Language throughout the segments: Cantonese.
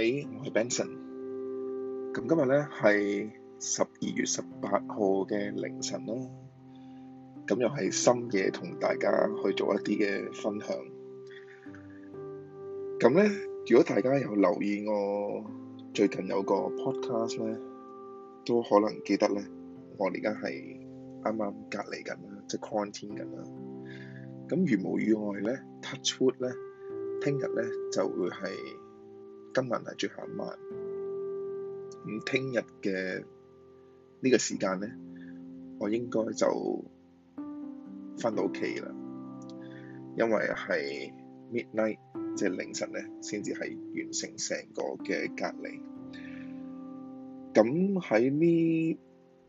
喺、hey，我係 Benson，咁今日咧係十二月十八號嘅凌晨咯，咁又係深夜同大家去做一啲嘅分享。咁咧，如果大家有留意我最近有個 podcast 咧，都可能記得咧，我而家係啱啱隔離緊啦，即係 quarantine 緊啦。咁如無意外咧，Touchwood 咧，聽日咧就會係。今日係最後一晚，咁聽日嘅呢個時間咧，我應該就翻到屋企啦，因為係 midnight 即係凌晨咧，先至係完成成個嘅隔離。咁喺呢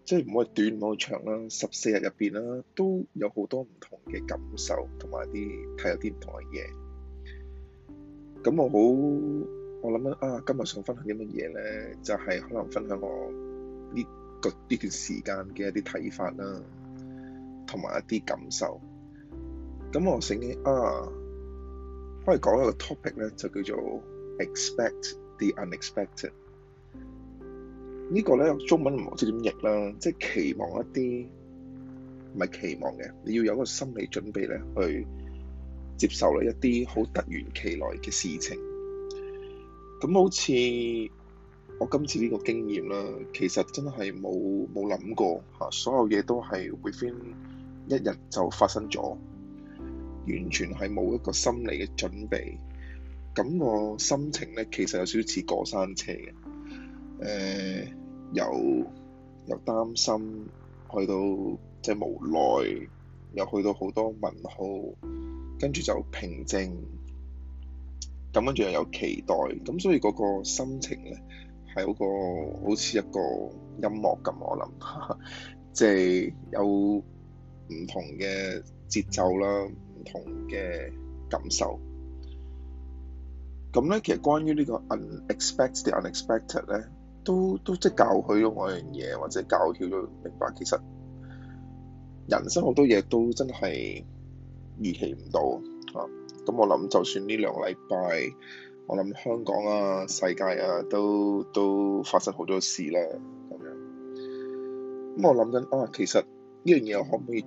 即唔好話短，唔好話長啦，十四日入邊啦，都有好多唔同嘅感受同埋啲睇有啲唔同嘅嘢。咁我好。我諗咧啊，今日想分享啲乜嘢咧？就係、是、可能分享我呢個呢段時間嘅一啲睇法，啦，同埋一啲感受。咁我醒起啊，可以講一個 topic 咧，就叫做 expect the unexpected。這個、呢個咧中文唔知點譯啦，即係期望一啲唔係期望嘅，你要有個心理準備咧，去接受一啲好突如其來嘅事情。咁好似我今次呢個經驗啦，其實真係冇冇諗過嚇，所有嘢都係 within 一日就發生咗，完全係冇一個心理嘅準備。咁我心情咧，其實有少少似過山車嘅，誒、呃，由由擔心去到即係、就是、無奈，又去到好多問號，跟住就平靜。咁樣仲有期待，咁所以嗰個心情咧係嗰個好似一個音樂咁，我諗即係有唔同嘅節奏啦，唔同嘅感受。咁咧，其實關於呢個 unexpected、unexpected 咧，都都即係教佢咗我樣嘢，或者教曉咗明白，其實人生好多嘢都真係預期唔到嚇。咁、嗯、我諗，就算呢兩個禮拜，我諗香港啊、世界啊，都都發生好多事啦。咁樣咁我諗緊啊，其實呢樣嘢，我可唔可以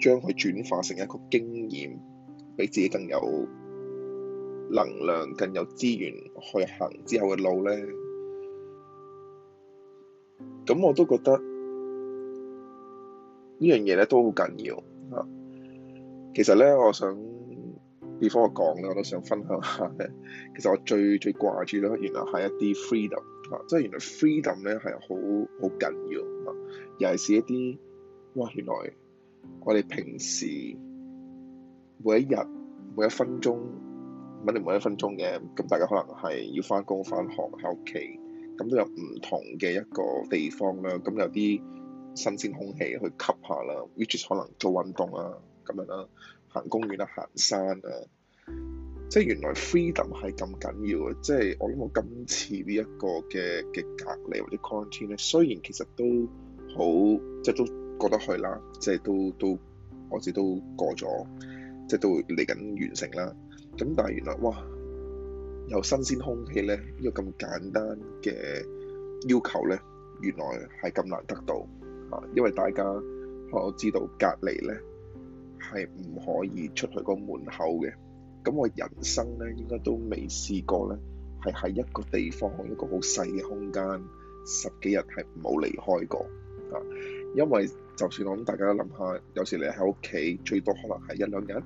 將佢轉化成一個經驗，俾自己更有能量、更有資源去行之後嘅路咧？咁、嗯嗯、我都覺得呢樣嘢咧都好緊要啊、嗯嗯。其實咧，我想。之前講咧，我都想分享下咧。其實我最最掛住咧，原來係一啲 freedom 啊，即係原來 freedom 咧係好好緊要啊，尤其是一啲哇原來我哋平時每一日每一分鐘肯定每，每一分鐘嘅，咁大家可能係要翻工翻學喺屋企，咁都有唔同嘅一個地方啦。咁有啲新鮮空氣去吸下啦，which 可能做運動啊咁樣啦。行公園啦、啊，行山啊，即係原來 freedom 係咁緊要嘅，即係我諗我今次呢一個嘅嘅隔離或者 quarantine 咧，雖然其實都好，即係都過得去啦，即係都都我知都過咗，即係都嚟緊完成啦。咁但係原來哇，有新鮮空氣咧，呢個咁簡單嘅要求咧，原來係咁難得到啊！因為大家我知道隔離咧，係唔可以出去個門口嘅，咁我人生呢，應該都未試過呢，係喺一個地方一個好細嘅空間十幾日係冇離開過啊，因為就算我諗大家諗下，有時你喺屋企最多可能係一兩日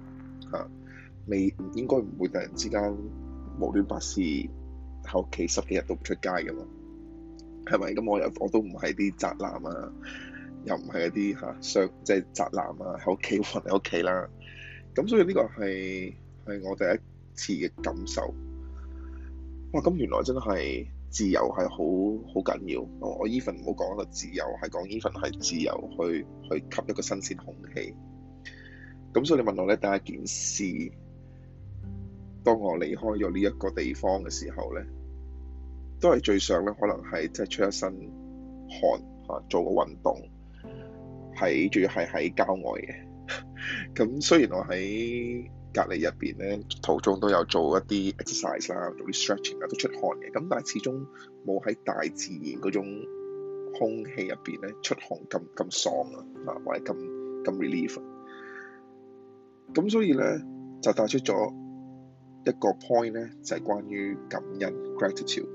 嚇、啊，未唔應該唔會突然之間無端白事喺屋企十幾日都唔出街㗎嘛，係咪？咁我又我都唔係啲宅男啊。又唔係嗰啲嚇上，即係宅男啊，喺屋企混喺屋企啦。咁所以呢個係係我第一次嘅感受。哇！咁原來真係自由係好好緊要。我 even 唔好講一個自由，係講 even 係自由去去吸一個新鮮空氣。咁所以你問我咧，第一件事，當我離開咗呢一個地方嘅時候咧，都係最想咧，可能係即係出一身汗嚇、啊，做個運動。係，仲要係喺郊外嘅。咁 雖然我喺隔離入邊咧，途中都有做一啲 exercise 啦，做啲 stretching 啊，都出汗嘅。咁但係始終冇喺大自然嗰種空氣入邊咧出汗咁咁爽啊，啊或者咁咁 relief 咁、啊、所以咧就帶出咗一個 point 咧，就係、是、關於感恩 gratitude。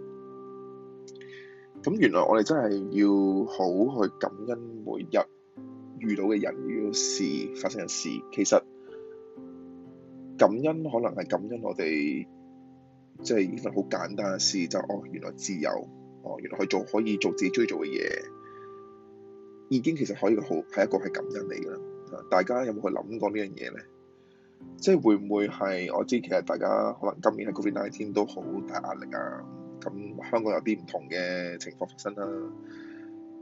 咁 Gr 原來我哋真係要好去感恩每一日。遇到嘅人，遇到事，發生嘅事，其實感恩可能係感恩我哋，即係依份好簡單嘅事，就哦，原來自由，哦，原來去做可以做自己鍾意做嘅嘢，已經其實可以好係一個係感恩嚟㗎啦。大家有冇去諗過呢樣嘢咧？即係會唔會係我知？其實大家可能今年係 COVID nineteen 都好大壓力啊，咁香港有啲唔同嘅情況發生啦、啊，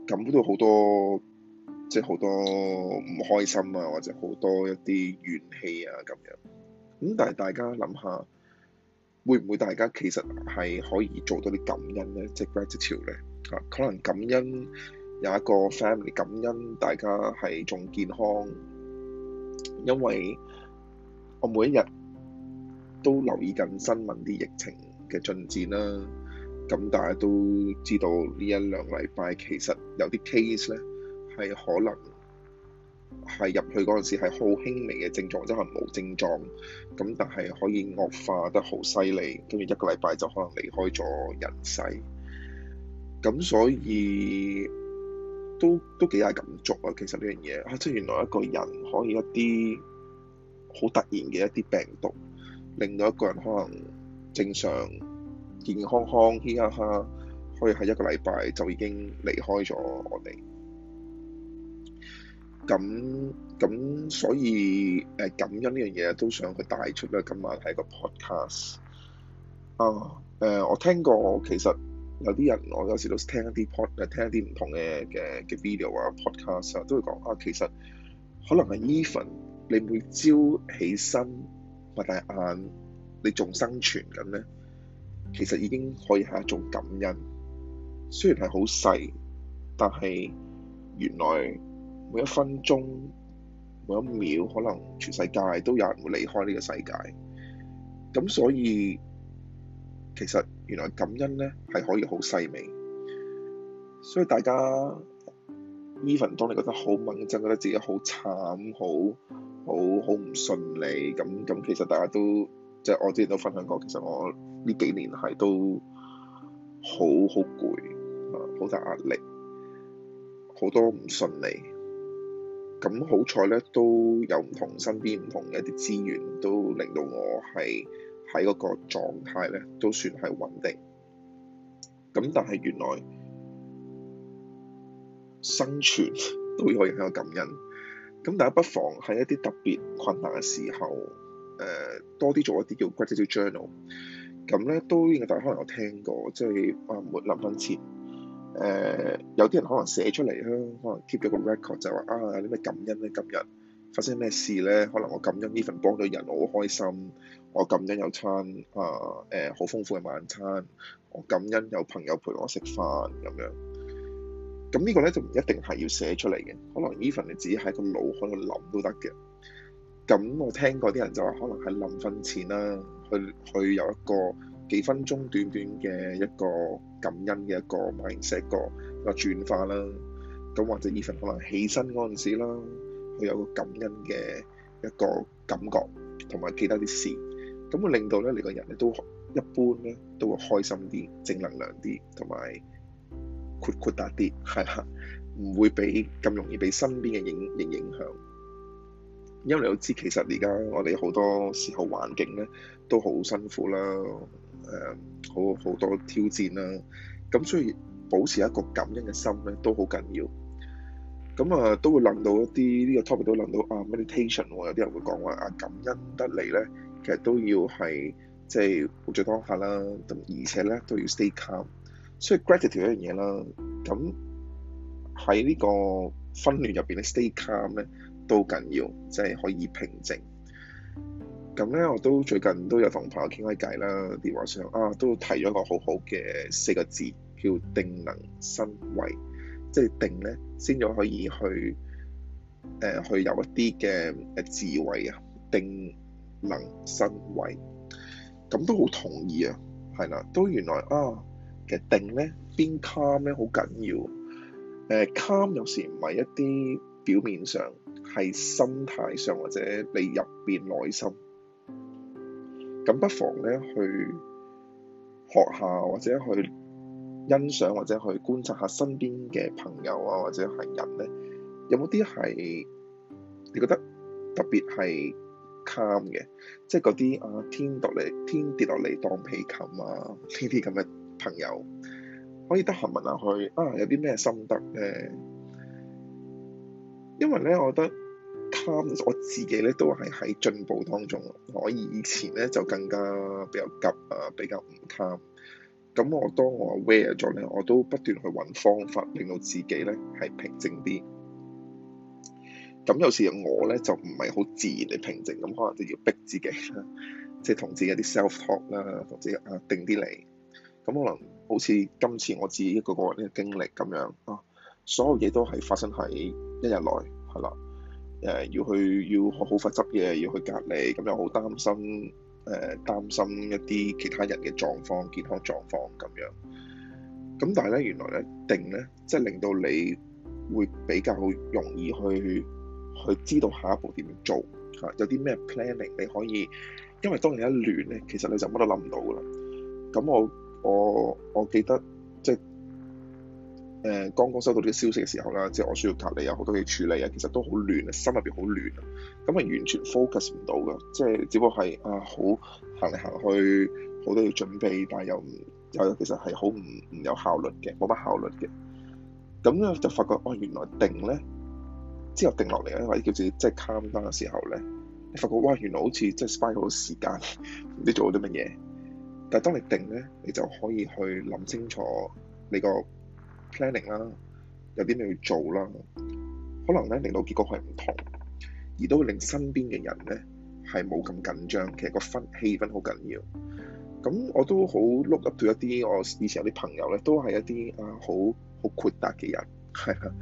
咁都好多。即係好多唔開心啊，或者好多一啲怨氣啊咁樣。咁但係大家諗下，會唔會大家其實係可以做到啲感恩呢？即係 gratitude 咧嚇，可能感恩有一個 family 感恩，大家係仲健康。因為我每一日都留意緊新聞啲疫情嘅進展啦。咁大家都知道呢一兩禮拜其實有啲 case 咧。係可能係入去嗰陣時係好輕微嘅症狀，即係冇症狀，咁但係可以惡化得好犀利，跟住一個禮拜就可能離開咗人世。咁所以都都幾大感觸啊！其實呢樣嘢吓，即係原來一個人可以一啲好突然嘅一啲病毒，令到一個人可能正常健健康康，嘻嘻哈哈，可以喺一個禮拜就已經離開咗我哋。咁咁，所以誒感恩呢樣嘢都想佢帶出啦。今晚係個 podcast 啊。誒、呃，我聽過，其實有啲人我有時都聽一啲 pod，cast 聽一啲唔同嘅嘅嘅 video 啊 podcast 啊，都會講啊。其實可能係 even 你每朝起身擘大眼，你仲生存緊咧，其實已經可以係一種感恩。雖然係好細，但係原來。每一分鐘，每一秒，可能全世界都有人會離開呢個世界。咁所以其實原來感恩呢係可以好細微。所以大家，even 當你覺得好掹，真覺得自己好慘，好好唔順利，咁咁其實大家都即係、就是、我之前都分享過，其實我呢幾年係都好好攰，好大壓力，好多唔順利。咁好彩咧，都有唔同身邊唔同嘅一啲資源，都令到我係喺嗰個狀態咧，都算係穩定。咁但係原來生存都會可以喺度感恩。咁大家不妨喺一啲特別困難嘅時候，誒、呃、多啲做一啲叫 gratitude journal。咁咧都，大家可能有聽過，即係啊冇諗返前。誒、呃、有啲人可能寫出嚟啦，可能 keep 咗個 record 就話、是、啊，有啲咩感恩咧，今日發生咩事咧？可能我感恩呢份幫到人，我好開心；我感恩有餐啊，誒、呃、好、呃、豐富嘅晚餐；我感恩有朋友陪我食飯咁樣。咁呢個咧就唔一定係要寫出嚟嘅，可能 even 你自己喺個腦海度諗都得嘅。咁我聽過啲人就話，可能係臨瞓前啦，去去有一個幾分鐘短短嘅一個感恩嘅一個 mindset，個個轉化啦，咁或者 even 可能起身嗰陣時啦，佢有個感恩嘅一個感覺，同埋記得啲事，咁會令到咧你個人咧都一般咧都會開心啲、正能量啲，同埋豁豁達啲，係啦，唔會俾咁容易俾身邊嘅影影影響，因為你都知其實而家我哋好多時候環境咧都好辛苦啦。誒，um, 好好多挑戰啦，啊，咁所以保持一個感恩嘅心咧，都好緊要。咁啊，都會諗到一啲呢、呢個 topic 都諗到啊，meditation、啊、有啲人會講話啊，啊，感恩得嚟咧，其實都要係即係活在當下啦。咁而且咧都要 stay calm，所以 gratitude 一樣嘢啦。咁喺呢個混亂入邊咧，stay calm 咧都緊要，即係可以平靜。咁咧，我都最近都有同朋友傾開偈啦。電話上啊，都提咗一個好好嘅四個字，叫定能生慧。即係定咧，先至可以去誒、呃、去有一啲嘅誒智慧啊。定能生慧，咁都好同意啊。係啦，都原來啊，其實定咧，邊 calm 咧好緊要，誒 calm 有時唔係一啲表面上，係心態上，或者你入邊內心。咁不妨咧去學下，或者去欣賞，或者去觀察下身邊嘅朋友啊，或者係人咧，有冇啲係你覺得特別係 calm 嘅，即係嗰啲啊天落嚟，天跌落嚟當被冚啊呢啲咁嘅朋友，可以得閒問下佢啊，有啲咩心得咧？因為咧，我覺得。Calm，我自己咧都係喺進步當中。我以前咧就更加比較急啊，比較唔 calm。咁我當我 aware 咗咧，我都不斷去揾方法，令到自己咧係平靜啲。咁有時我咧就唔係好自然地平靜，咁可能就要逼自己啦，即係同自己啲 self talk 啦，或者啊定啲嚟。咁可能好似今次我自己個一個呢個經歷咁樣啊，所有嘢都係發生喺一日內，係啦。誒要去要好快執嘢，要去隔離，咁又好擔心誒、呃、擔心一啲其他人嘅狀況、健康狀況咁樣。咁但係咧，原來咧定咧，即、就、係、是、令到你會比較容易去去知道下一步點樣做，吓有啲咩 planning 你可以，因為當你一亂咧，其實你就乜都諗唔到㗎啦。咁我我我記得即係。就是誒剛剛收到啲消息嘅時候啦，即係我需要隔離有好多嘢處理啊，其實都好亂啊，心入邊好亂啊，咁係完全 focus 唔到嘅，即係只不過係啊好行嚟行去，好多嘢準備，但係又又其實係好唔唔有效率嘅，冇乜效率嘅。咁咧就發覺，哦、啊、原來定咧之後定落嚟咧，或者叫自己即係 calm down 嘅時候咧，你發覺哇原來好似即係 spend 好多時間，你做咗啲乜嘢？但係當你定咧，你就可以去諗清楚你個。Planning 啦，有啲咩要做啦，可能咧令到結果係唔同，而都會令身邊嘅人咧係冇咁緊張。其實個氛氣氛好緊要。咁我都好 look up to 一啲我以前有啲朋友咧，都係一啲啊好好豁達嘅人，係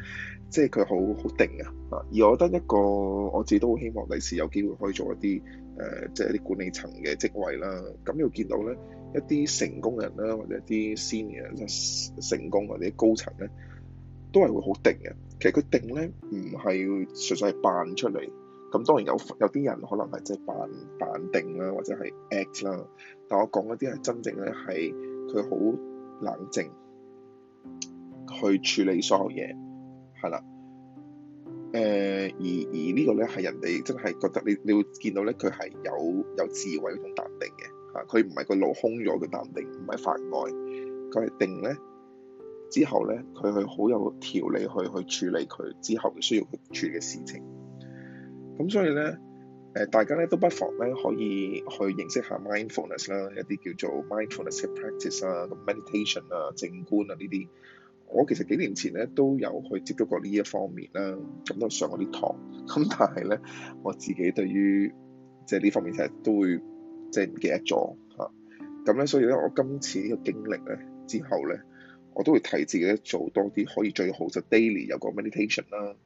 即係佢好好定啊。而我覺得一個我自己都好希望，第時有機會可以做一啲誒、呃，即係一啲管理層嘅職位啦。咁你會見到咧。一啲成功人啦，或者一啲 senior 即係成功或者高層咧，都係會好定嘅。其實佢定咧唔係純粹係扮出嚟。咁當然有有啲人可能係即係扮扮定啦，或者係 act 啦。但我講嗰啲係真正咧係佢好冷靜去處理所有嘢，係啦。誒、呃，而而個呢個咧係人哋真係覺得你你會見到咧，佢係有有智慧同淡定嘅。嚇佢唔係個腦空咗，嘅淡定唔係發呆。佢係定咧。之後咧，佢去好有條理去去處理佢之後需要去處理嘅事情。咁所以咧，誒大家咧都不妨咧可以去認識下 mindfulness 啦，一啲叫做 mindfulness practice 啊，咁 meditation 啊、靜觀啊呢啲。我其實幾年前咧都有去接觸過呢一方面啦，咁都上過啲堂。咁但係咧，我自己對於即係呢方面其實都會。即係唔記得咗嚇，咁、啊、咧所以咧我今次呢個經歷咧之後咧，我都會提自己咧做多啲，可以最好就 daily 有個 meditation 啦，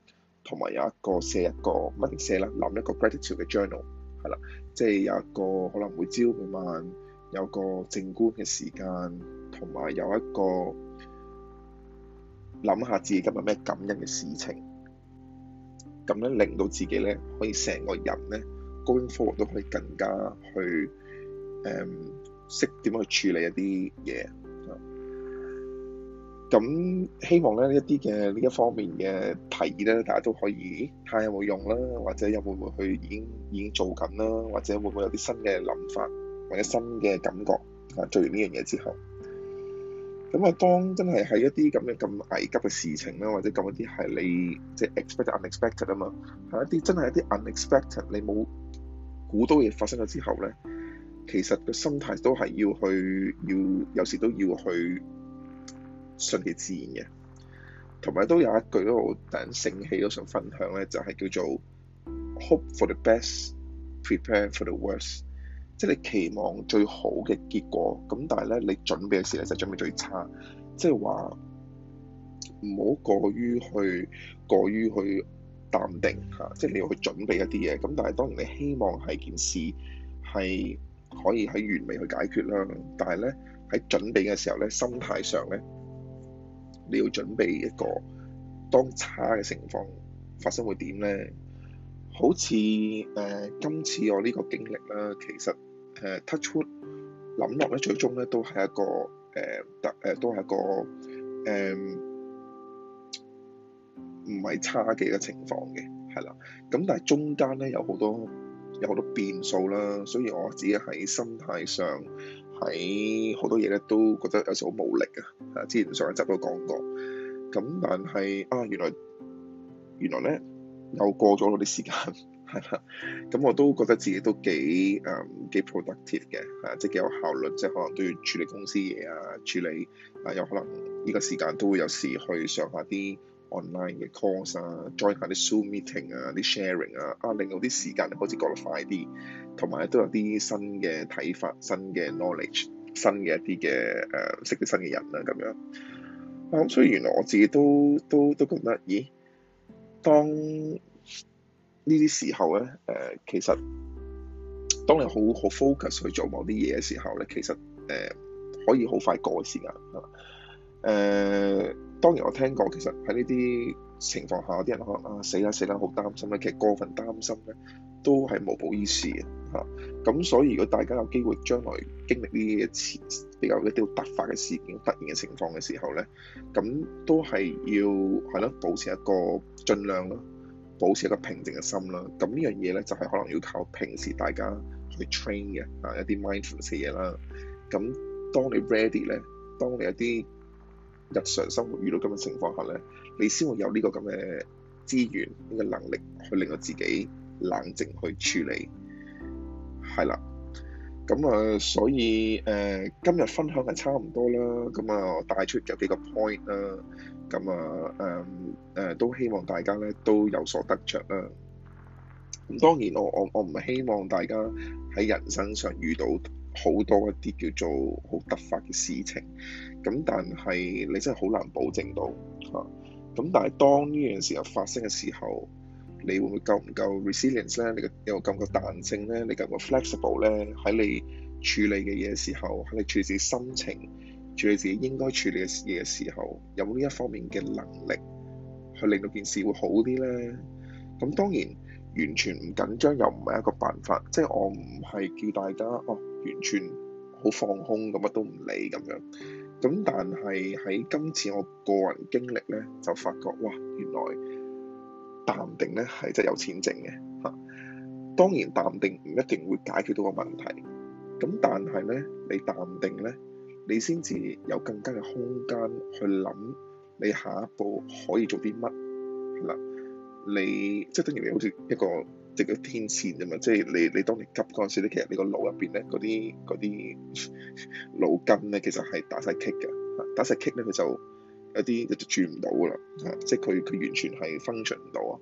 同埋有一個寫一個乜寫啦，諗一,一,一個 gratitude 嘅 journal 係啦，即係有一個可能每朝每晚有個靜觀嘅時間，同埋有一個諗下自己今日咩感恩嘅事情，咁咧令到自己咧可以成個人咧。高中科都可以更加去誒識點樣去處理一啲嘢。咁、嗯、希望咧一啲嘅呢一方面嘅提議咧，大家都可以睇下有冇用啦，或者有冇會去已經已經做緊啦，或者會唔會有啲新嘅諗法或者新嘅感覺啊？做完呢樣嘢之後。咁啊、嗯，當真係係一啲咁樣咁危急嘅事情啦，或者講一啲係你即係、就是、expect unexpected 啊嘛，係一啲真係一啲 unexpected，你冇估到嘢發生咗之後咧，其實個心態都係要去，要有時都要去順其自然嘅。同埋都有一句都我突然醒起都想分享咧，就係、是、叫做 hope for the best，prepare for the worst。即係你期望最好嘅結果，咁但係咧你準備嘅時候就準備最差，即係話唔好過於去過於去淡定嚇、啊，即係你要去準備一啲嘢。咁但係當然你希望係件事係可以喺完美去解決啦。但係咧喺準備嘅時候咧，心態上咧你要準備一個當差嘅情況發生會點咧？好似誒、呃、今次我呢個經歷啦，其實～誒 touch wood，諗落咧，最終咧都係一個誒特誒都係一個誒唔係差嘅一個情況嘅，係啦。咁但係中間咧有好多有好多變數啦，所以我自己喺心態上喺好多嘢咧都覺得有時好無力啊！啊，之前上一集都講過，咁但係啊，原來原來咧又過咗嗰啲時間。咁、 嗯、我都覺得自己都幾誒、嗯、幾 productive 嘅，嚇、啊，即係幾有效率，即係可能都要處理公司嘢啊，處理啊，有可能依個時間都會有時去上一下啲 online 嘅 course 啊，join 下啲 zoom meeting 啊，啲 sharing 啊，啊，令到啲時間好似覺得快啲，同埋都有啲新嘅睇法、新嘅 knowledge、啊、新嘅一啲嘅誒識啲新嘅人啊。咁樣。咁、嗯、所以原來我自己都、嗯、都都，都覺得，咦，當～呢啲時候咧，誒、呃、其實當你好好 focus 去做某啲嘢嘅時候咧，其實誒、呃、可以好快過時間嚇。誒、呃、當然我聽過，其實喺呢啲情況下，有啲人可能啊，死啦死啦，好擔心咧。其實過分擔心咧都係無補於事嘅嚇。咁所以如果大家有機會將來經歷呢一次比較一啲突發嘅事件、突然嘅情況嘅時候咧，咁都係要係咯，保持一個盡量咯。保持一個平靜嘅心啦，咁呢樣嘢咧就係可能要靠平時大家去 train 嘅啊，一啲 mindfulness 嘅嘢啦。咁當你 ready 咧，當你一啲日常生活遇到咁嘅情況下咧，你先會有呢個咁嘅資源，呢個能力去令到自己冷靜去處理，係啦。咁啊，所以誒、呃，今日分享係差唔多啦。咁啊，我帶出咗幾個 point 啦。咁啊，誒誒、呃呃，都希望大家咧都有所得着啦。咁當然我，我我我唔希望大家喺人生上遇到好多一啲叫做好突發嘅事情。咁但係你真係好難保證到嚇。咁、啊、但係當呢樣時候發生嘅時候，你會唔會夠唔夠 resilience 咧？你夠唔夠彈性咧？你夠唔夠 flexible 咧？喺你處理嘅嘢時候，喺你處理自己心情、處理自己應該處理嘅嘢嘅時候，有冇呢一方面嘅能力去令到件事會好啲咧？咁當然完全唔緊張又唔係一個辦法，即係我唔係叫大家哦完全好放空咁乜都唔理咁樣。咁但係喺今次我個人經歷咧，就發覺哇原來～淡定咧係真係有錢剩嘅嚇，當然淡定唔一定會解決到個問題，咁但係咧你淡定咧，你先至有更加嘅空間去諗你下一步可以做啲乜嗱。你即係等於你好似一個直咗天線咁嘛，即係你你當你急嗰陣時咧，其實你個腦入邊咧嗰啲啲腦筋咧其實係打晒棘嘅，打晒棘咧佢就。一啲就住唔到噶啦，嚇！即係佢佢完全係分寸唔到啊。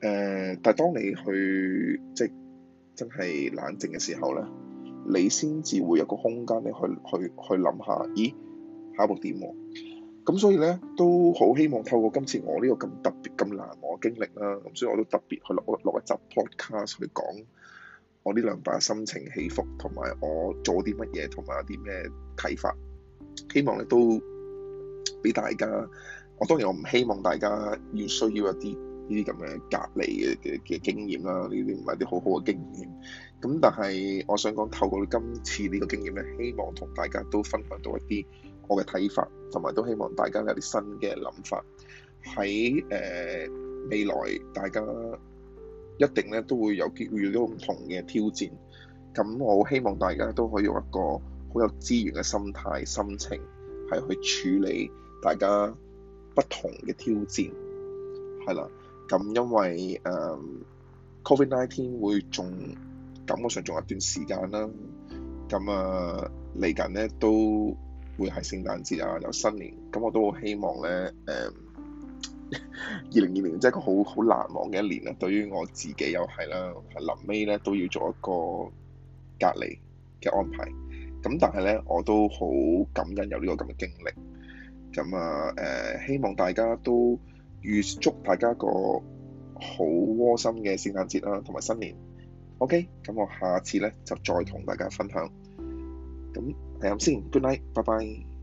誒、嗯，但係當你去即係真係冷靜嘅時候咧，你先至會有個空間你去去去諗下，咦，下一步點喎？咁所以咧都好希望透過今次我呢個咁特別咁難忘嘅經歷啦，咁所以我都特別去落落一集 podcast 去講我呢兩把心情起伏，同埋我做啲乜嘢，同埋有啲咩睇法，希望你都～俾大家，我當然我唔希望大家要需要一啲呢啲咁嘅隔離嘅嘅嘅經驗啦，呢啲唔係啲好好嘅經驗。咁但係我想講，透過今次呢個經驗咧，希望同大家都分享到一啲我嘅睇法，同埋都希望大家有啲新嘅諗法喺誒、呃、未來，大家一定咧都會有遇到唔同嘅挑戰。咁我希望大家都可以用一個好有資源嘅心態、心情係去處理。大家不同嘅挑戰係啦，咁因為誒、um, Covid Nineteen 會仲感覺上仲有一段時間啦，咁啊嚟緊咧都會係聖誕節啊，有新年咁，我都好希望咧誒，二零二零即係一個好好難忘嘅一年啦。對於我自己又係啦，臨尾咧都要做一個隔離嘅安排，咁但係咧我都好感恩有呢、這個咁嘅經歷。咁啊，誒，希望大家都預祝大家個好窩心嘅聖誕節啦，同埋新年。OK，咁我下次咧就再同大家分享。咁係咁先，Good night，拜拜。